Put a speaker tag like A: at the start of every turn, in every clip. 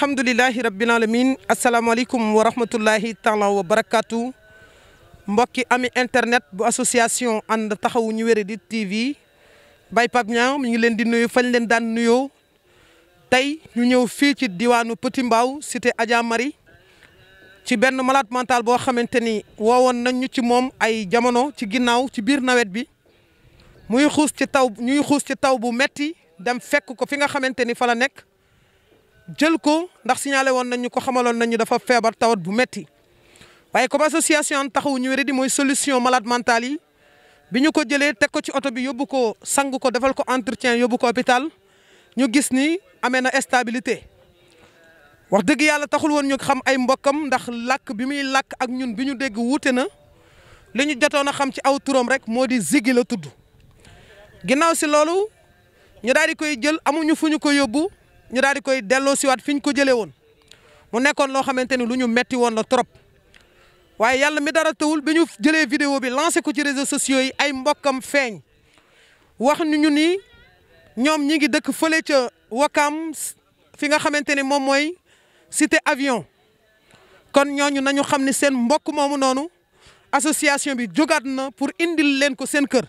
A: الحمد لله رب العالمين السلام عليكم ورحمة الله تعالى وبركاته مبكي أمي إنترنت بأسوسياسيون أن تخو نيويري دي تي في باي باب نيو من يلين دي نيو فلن دان نيو تاي نيو في تي ديوانو بوتي مباو سيتي أجا ماري تي بن ملات مانتال بو خمنتني ووان نيو تي موم أي جامانو تي جيناو تي بير نويت بي موي خوص تي تاو بو متي دم فكو كو فينغا خمنتني فلا نك jël ko ndax signalé woon nañ ñu ko xamaloon nañu ñu dafa feebar tawat bu metti waaye comme association taxawu ñu di mooy solution malade mentale yi bi ñu ko jëlee teg ko ci oto bi yóbbu ko sang ko defal ko entretien yóbbu ko hôpital ñu gis ni amee na stabilité. wax dëgg yàlla taxul woon ñu xam ay mbokkam ndax làkk bi muy làkk ak ñun bi ñu dégg wuute na li ñu jotoon a xam ci aw turam rek moo di Ziggy la tudd ginnaaw si loolu ñu daal di koy jël amuñu fu ñu ko yóbbu. ñu daal di koy delloo siwaat fi ñu ko jëlee woon mu nekkoon loo xamante ni lu ñu metti woon la trop waaye yàlla mi dara tawul bi ñu jëlee vidéo bi lancé ko ci réseaux sociaux yi ay mbokkam feeñ wax ni ñu ni ñoom ñi ngi dëkk fële ca Wakam fi nga xamante ni moom mooy cité avion kon ñooñu nañu xam ni seen mbokk moomu noonu association bi jógaat na pour indil leen ko seen kër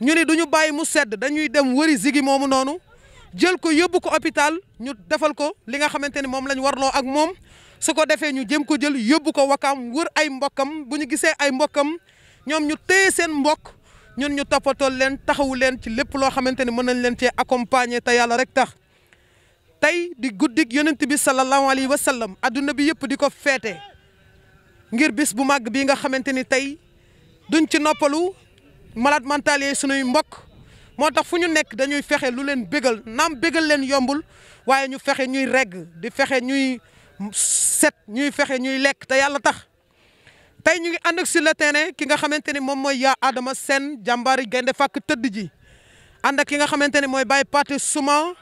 A: ñu ni duñu bayyi mu sedd dañuy dem wëri zigi momu nonu jël ko yobbu ko hôpital ñu defal ko li nga xamanteni ni lañ warlo ak mom su ko defé ñu jëm ko jël yobbu ko wakam wër ay mbokam buñu gisé ay mbokam ñom ñu téy seen mbokk ñun ñu leen taxawu leen ci lepp lo xamanteni mën nañ leen ci accompagner ta yalla rek tax tay di guddik yonent bi sallallahu alayhi wa sallam bi yëpp diko fété ngir bis bu mag bi nga xamanteni ni duñ ci noppalu malade mental yee sunuy mbokk moo tax fu ñu nekk dañuy fexe lu leen bégal naam bégal leen yombul waaye ñu fexe ñuy regg di fexe ñuy set ñuy fexe ñuy lekk te yàlla tax tey ñu ngi ànd ak si le terrain ki nga xamante ni moom mooy yaa Adama seen jàmbaari gaynde fàkk tëdd ji ànd ak ki nga xamante ni mooy Baye Pathé Souma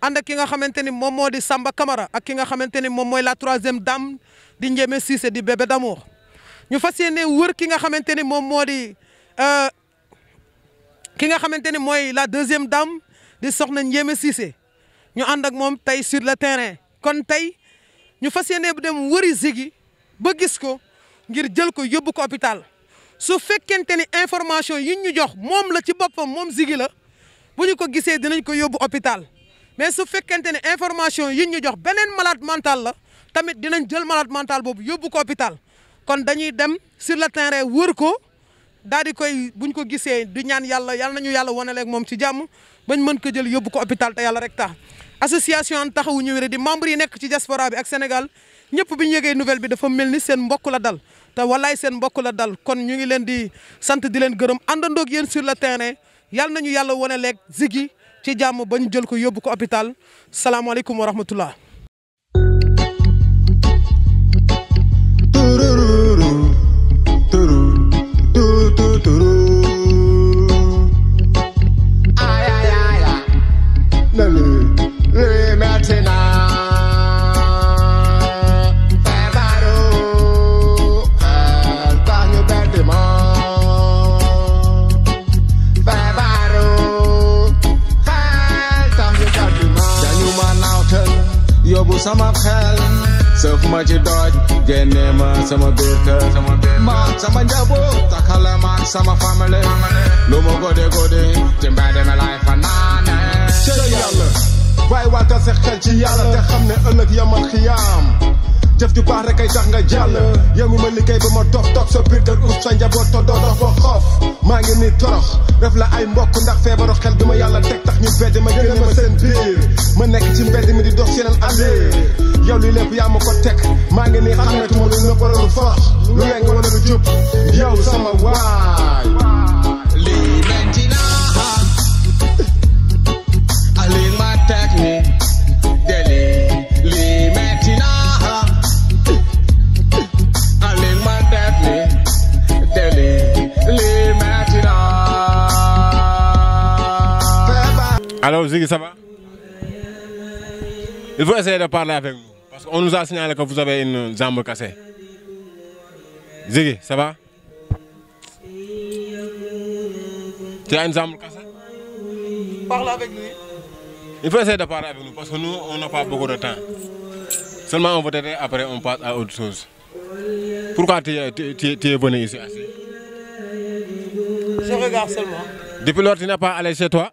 A: ànd ak ki nga xamante ni moom moo di Samba Camara ak ki nga xamante ni moom mooy la troisième dame di Ndiémé Cissé di bébé d'amour ñu fas yéene wër ki nga xamante ni moom moo di euh, ki nga xamante ni mooy la deuxième dame di soxna Ndiémé Cissé ñu ànd ak moom tey sur le terrain kon tey ñu fas yéene bu dem wëri Ziggy ba gis ko ngir jël ko yóbbu ko su fekkente ni information yi ñu jox moom la ci boppam moom Ziggy la bu ñu ko gisee dinañ ko yóbbu hôpital mais su fekkente ne information yi ñu jox beneen malad mantal la tamit dinañ jël malade mental boobu yóbbu ko opital kon dañuy dem sur le terrain wër ko daal di koy ñu ko gisee di ñaan yàlla na ñu yàlla wanaleeg moom ci jàmm bañ mën ko jël yóbbu ko hôpital te yàlla rek taa association taxawu ñu wéré di membre yi nekk ci diaspora bi ak Sénégal ñëpp bi ñu yëgee nouvelle bi dafa mel ni seen mbokk la dal te walaay seen mbokk la dal kon ñu ngi leen di sant di leen gërëm àndandoo ak yéen sur le terrain yal nañu yàlla wanaleeg Ziggy ci jàmm ba ñu jël ko yóbbu ko hôpital salaamaaleykum wa rahmatullah
B: Genema, sama Birka, sama Birka, Mark, sama Jabo, Takala Mark, sama family. No Lomo Gode Gode, Timbade my life and Nana. Say Yalla,
C: Wai Waka Sekha Yalla, Te Khamne Ulak yaman Khiyam jëf ju baax rek ay tax nga jàll yow mi ma liggéey ba ma dof toog sa biir kër ut sa njaboot te doo dox ba xoof maa ngi ni torox def la ay mbokk ndax feebaru xel gi ma yàlla teg tax ñu beddi ma génne ma seen biir ma nekk ci mbedd mi di dox yeneen allée yow li lépp yaa ma ko teg maa ngi ni xamatuma lu nëpp wala lu faax lu nekk wala lu jub yow sama waay lii Alors Ziggy, ça va Il faut essayer de parler avec nous. Parce qu'on nous a signalé que vous avez une jambe cassée. Ziggy, ça va Tu as une jambe cassée Parle avec nous. Il faut essayer de parler avec nous parce que nous, on n'a pas beaucoup de temps. Seulement on va t'aider, après on passe à autre chose. Pourquoi tu es, venu ici
A: Je regarde seulement.
C: Depuis lors, tu n'as pas allé chez toi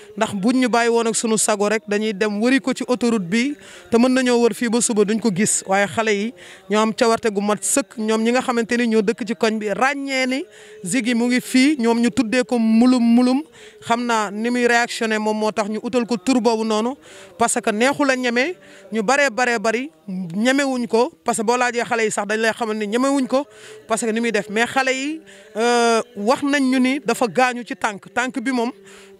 A: ndax buñ ñu bàyyi woon ak sunu sago rek dañuy dem wari ko ci autoroute bi te mën nañoo wër fii ba suba duñ ko gis waaye xale yi ñoo am cawarte gu mat sëkk ñoom ñi nga xamante ni ñoo dëkk ci koñ bi ràññee ni Ziggy mu ngi fii ñoom ñu tuddee ko mulum mulum xam naa ni muy réactionné moom moo tax ñu utal ko tur boobu noonu parce que neexu la ñeme ñu baree baree bari ñemewuñ ko parce que boo laajee xale yi sax dañ lay xamal ni ñemewuñ ko parce que ni muy def mais xale yi euh, wax nañ ñu ni dafa gaañu ci tànk tànk bi moom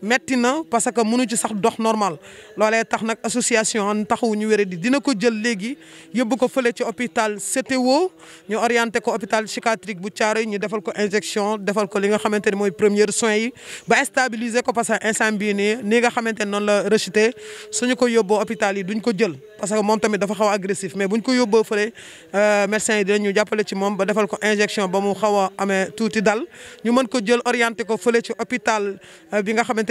A: metina parce que munu ci sax dox normal lolé tax nak association an taxawu ñu wéré di dina ko jël légui yóbbu ko feulé ci hôpital CTO ñu orienté ko hôpital psychiatrique bu Thiaroye ñu défal ko injection défal ko li nga xamanténi moy mooy soin yi ba stabiliser ko parce que instant bii nii nii nga xamanténi non la rechuté suñu ko yobbo hôpital yi duñ ko jël parce que mom tamit dafa xawa agressif mais buñ ko yobbo feulé euh médecin yi dinañ jappalé ci mom ba défal ko injection ba mu xawa amé touti dal ñu mën ko jël orienté ko feulé ci hôpital euh, bi nga xamante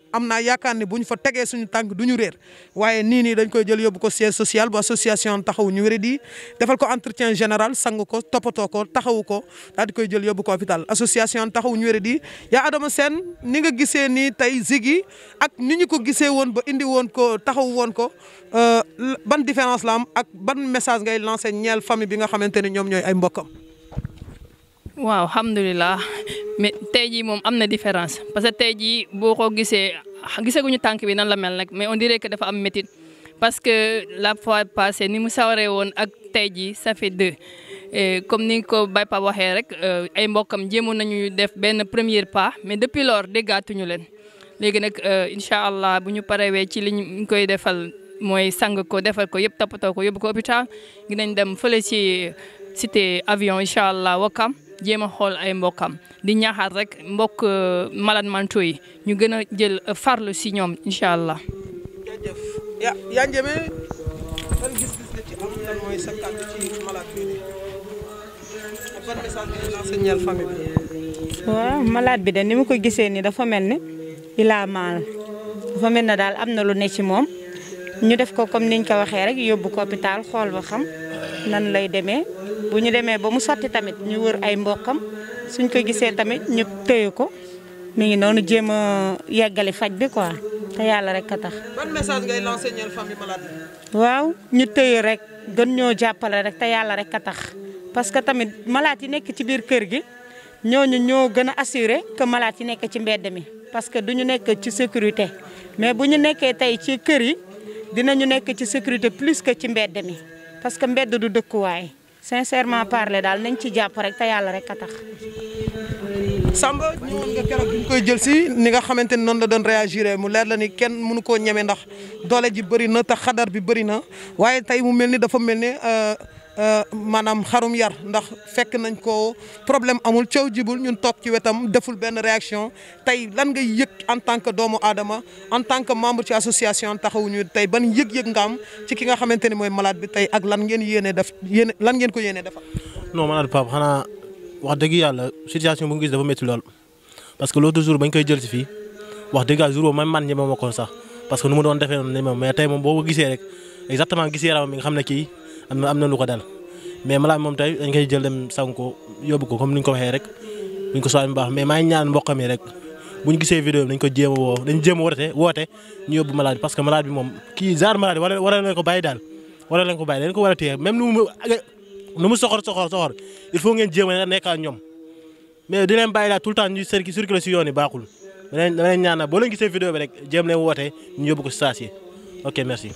A: amna naa ni buñ fa tégué suñu tank duñu rër wayé ni ni dañ koy jël yobbu ko siège social bu association taxaw ñu di defal ko entretien général sang ko topato ko taxaw ko dal di koy jël yobbu ko hôpital association taxaw ñu di ya Adama sen ni nga ni tay zigi ak ni ñu ko gisee won ba indi won ko taxaw won ko euh, ban différence la am ak ban message ngay lancer ñeël famille bi nga xamanteni ñom ñoy ay mbokam
B: waaw mais tey jii moom am na différence parce que tey jii boo ko gisee gisaguñu tànk bi nan la mel nag mais on dirait que am métit parce que la fois passée ni mu sawaree woon ak tey jii ça fait deux comme ni ko Baye Pape waxee rek euh, ay mbokkam jéemoon nañu def benn premier pas mais depuis lors déggaatuñu leen léegi nag euh, incha allah bu ñu parewee ci liñ koy defal mooy sang ko defal ko yëpp toppatoo ko yóbbu ko hôpital gi nañ dem si ci cité avion incha allah Wakam jéem a xool ay mbokkam di ñaaxaat rek mbokk euh, malade mentaux yi ñu gën a jël euh, farlu si ñoom incha allah.
A: jaajëf ya bi de ni ma ko gisee ni dafa mel ni ilaa maal dafa mel ne daal am na lu ne ci moom ñu def ko comme niñ ko waxee rek yóbbu ko xool ba xam nan lay demee. bu ñu demee ba mu sotti tamit ñu wër ay mbokkam suñ ko gisee tamit ñu téye ko mi ngi noonu jéem a yeggali faj bi quoi te yàlla rek a tax. ban waaw ñu téye rek gën ñoo jàppale rek te yàlla rek a parce que tamit malade yi nekk ci biir kër gi ñooñu ñoo gën a assuré que malade yi nekk ci mbedd mi parce que du ñu nekk ci sécurité mais bu ñu nekkee tey ci kër yi dinañu nekk ci sécurité plus que ci mbedd mi parce que mbedd du dëkkuwaay. sincèrement parler daal nañ ci jàpp rek te yàlla rek a tax. Samba ñëwoon nga keroog koy jël si ni nga xamante ni noonu la doon réagir mu leer la ni kenn mënu koo ñeme ndax doole ji bëri na te xadar bi bëri na waaye tey mu mel ni dafa mel ni euh, Euh, maanaam xarum yar ndax fekk nañ ko problème amul coow jibul ñun toog ci wetam deful benn réaction tey lan ngay yëg en tant que doomu aadama en tant que membre ci association taxawuñu tey ban yëg-yëg nga am ci ki nga xamante ne mooy malade bi tey ak lan ngeen yéenee def yéen lan ngeen ko yéenee defal.
C: non malade Pape xanaa wax dëgg yàlla situation bu nga gis dafa métti lool parce que l'autre jour bañ koy jël si wax dëgg jour boobu man man ñebe ko sax parce que nu mu doon defee noonu mais tey moom boo ko gisee rek exactement gisee yaramam mi nga xam ne kii am na lu ko dal mais malade moom tey dañ koy jël dem sang ko yóbbu ko comme ni ñu ko waxee rek bu ñu ko soxlaa bu baax mais maa ñaan mboq rek bu ñu gisee vidéo bi dañ ko a woo dañ jéem a woote woote ñu bi moom kii genre malade wala wala lañ ko bàyyi daal wala lañ ko bàyyi dañ ko war a ñoom mais di leen bàyyi daal tout temps ñu circuler si yoon yi baaxul danañ danañ ñaan boo leen gisee vidéo bi rek jéem leen woote ñu yóbbu ko si saa ok merci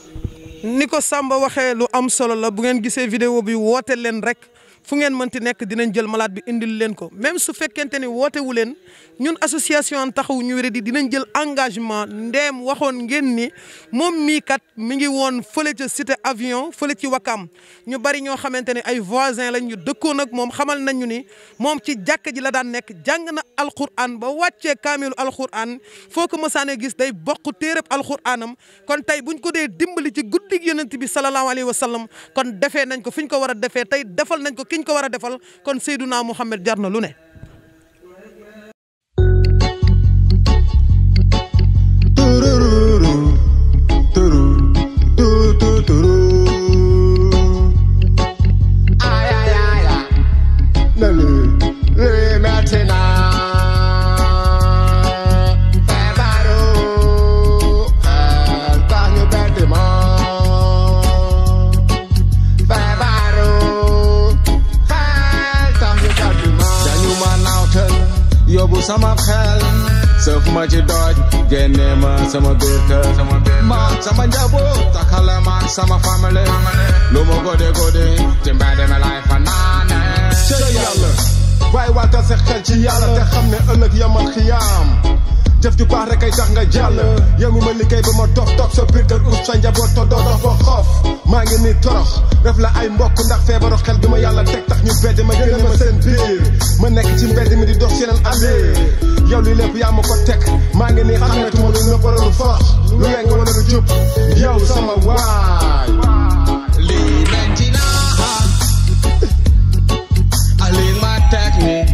A: ni ko Samba waxee lu am solo la bu ngeen gisee vidéo bi woote leen rek fu ngeen mënti nekk dinañ jël malaat bi indil leen ko même su fekkente ni woote wu leen ñun association taxawu ñu wéradi dinañ jël engagement ndeem waxoon ngeen ni moom mii kat mi ngi woon fële ca cité avion fële ci Wakam ñu bari ñoo xamante ne ay voisins lañ ñu dëkkoon ak moom xamal nañ ñu ni moom ci jàkka ji la daan nekk jàng na alxuraan ba wàccee kaamilu alxuraan foo ko mësaanee gis day bokk téereb alxuraanam kon tey buñ ko dee dimbali ci guddig yonent bi sallallahu alayhi wa sallam kon defee nañ ko fi ñu ko war a defee tey defal nañ ko. ki ñu ko war a defal kon Seydouna Mouhamed jar na lu ne.
C: ci yàlla te xam ne ëllëg yamal xiyaam jëf ju baax rek ay tax nga jàll yow ma liggéey ba ma dox toog sa biir kër ut sa njaboot te doo dox fa xoof ngi nii torox def la ay mbokk ndax feebaru xel bi yàlla teg tax ñu bedd ma génne ma seen biir ma nekk ci mbedd mi di dox yeneen allée yow li lépp yaa ma ko teg maa ngi nii
B: xamatuma
D: lu nëbb wala lu lu yeng wala lu jub yow sama waay lii metti naa ali ma teg nii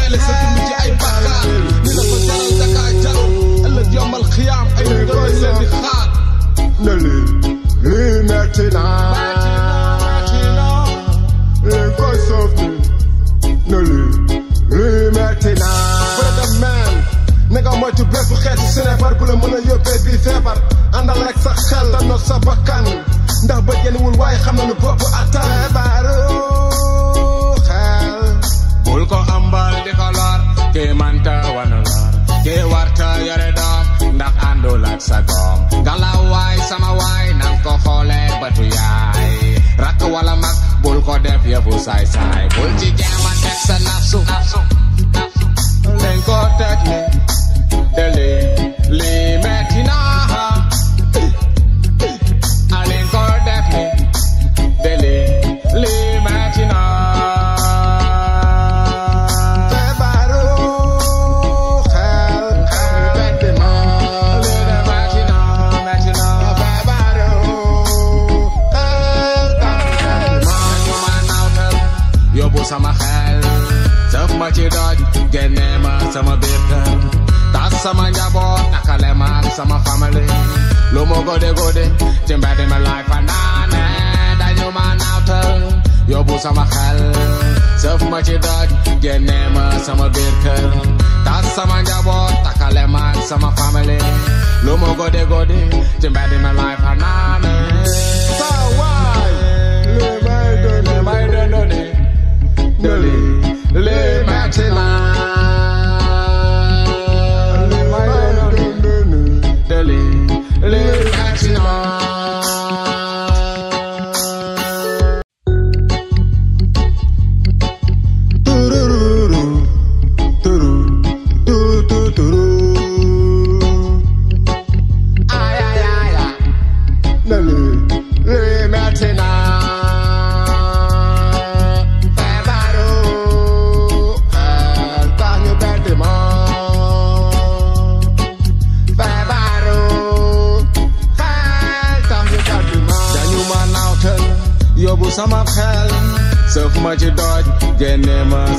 D: tay la sa dund ci ay bàkkaar ni la ko jaral dakaa jaral ëllëg yombal xiyaam ay doy leen di xaar
C: na lii lii metti naa lii koy soof ni na lii lii metti naa man na nga moytu bépp xeetu sinebar bu la mën a yóbbee bii feebar
D: àndal rek sa xel la noot sa bakkan ndax ba génn wul waaye xam na nu bopp attan baaru
B: say say Bunyi jangan nafsu nafsu Some man ya walk, nakale man, some a family. Lumo goody goody, in my life and on end. And out yo bu sama hell. Surf much it dog, get name sama That's some man ya walk, them man, some of family. Lumo goody goody, in my life and on end. So why? Le mai donne, le mai donne, donne, le mai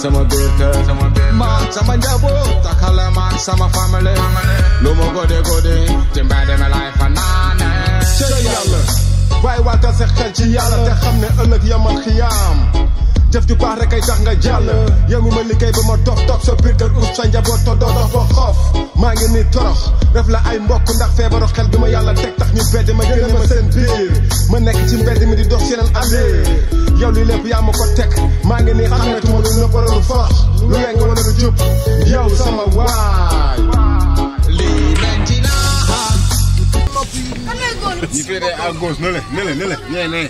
B: sama birthday Man sama jabo takala man sama family Lomo gode gode timbade me life
C: anane Say yalla way wa ta xel ci yalla te xamne ëlëk yamal xiyam jëf ju baax rek ay tax nga jàll yow mi ma liggéey ba ma dox toog sa biir kër ut sa njaboot te doo maa ngi nii torox def la ay mbokk ndax feebaru xel bi ma yàlla teg tax ñu bedd ma nekk ci mbedd mi di dox seeneen allée yow lii lépp yaa ma ko teg maa ngi nii xàmmeetuma lu nëbb wala lu faax lu weng wala lu jub yow sama waay lii nañ ci
A: naaxaan ñu féetee à
C: gauche na le na le na le nee nee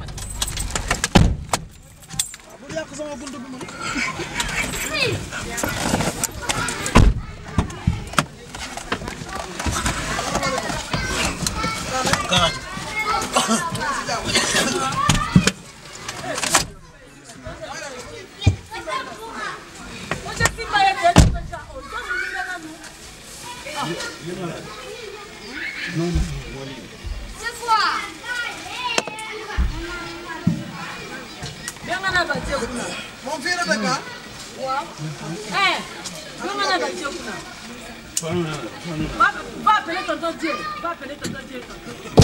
A: kızım o buldu bunu. Kaç. No, no, na batie kuna monfire beka nonga na batie
B: kuna
A: va appeler tonton dieu va appeler tonton dieu tonton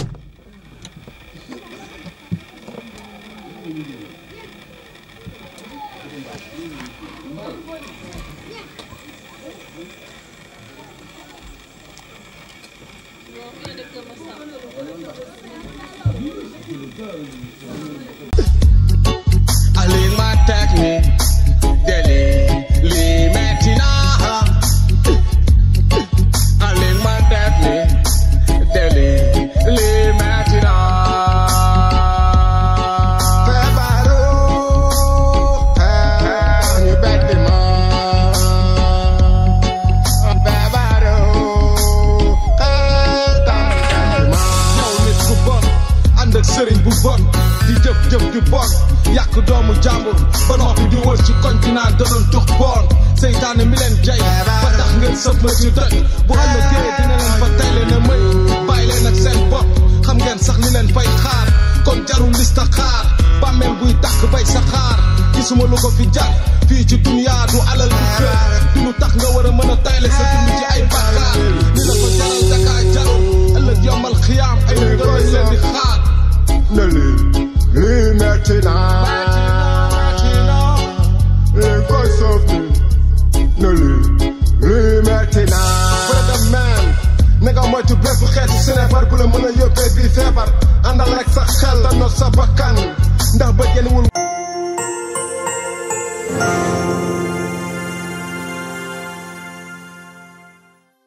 D: fay xaar kon jarul listaxaar bàmmeel buy tàkk bay saxaar gisuma lu ko fi jar fii ci duniyaa du alal du kër du lu tax nga war a mën a tayle sa dund ci ay bàkkaar li la ko jaral dakaa jarul ëllëg yombal xiyaam ay ngërëm leen di xaar àndal ak sa xel danoo sa bakkan ndax ba jëliwul